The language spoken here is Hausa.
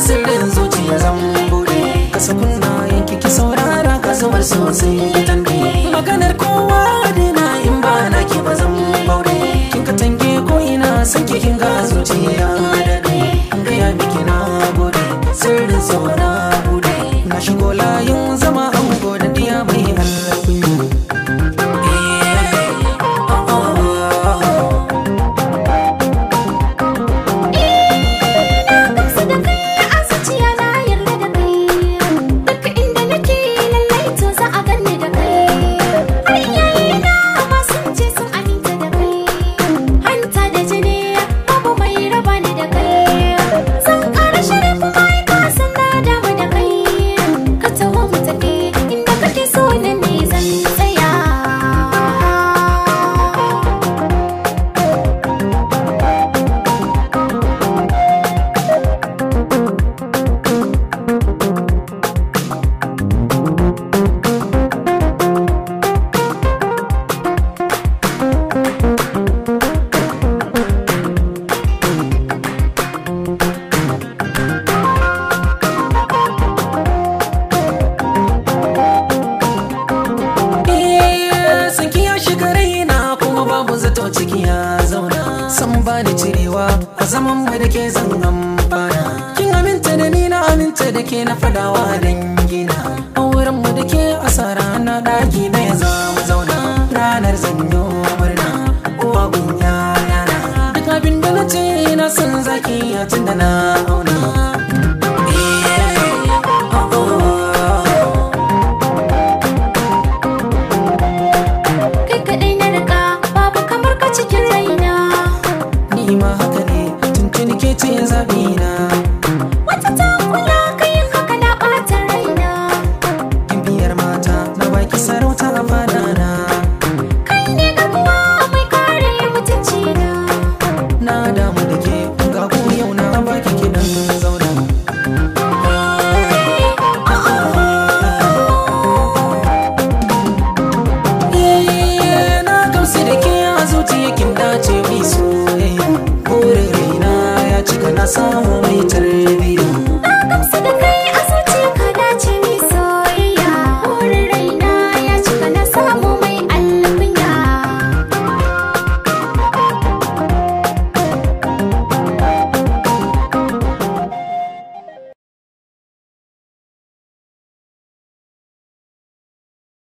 sirrin zuciya zan bude kasa kunna yanki ki saurara ka zubar sosai ki tanke maganar kowa dina in ba na ki ba zan baure kin ka tange ko ina san ki kin ga zuciya dade an gaya miki na gode sirrin so na bude na shigo layin ba da cirewa a zaman mu da ke zan bana kin aminta da ni na aminta da ke na fadawa dangina a wurin mu da ke asara na daki na ya zama zauna ranar zanyo murna kowa gunya yana duk abin da na ce na san zaki a tun na ke ce zabina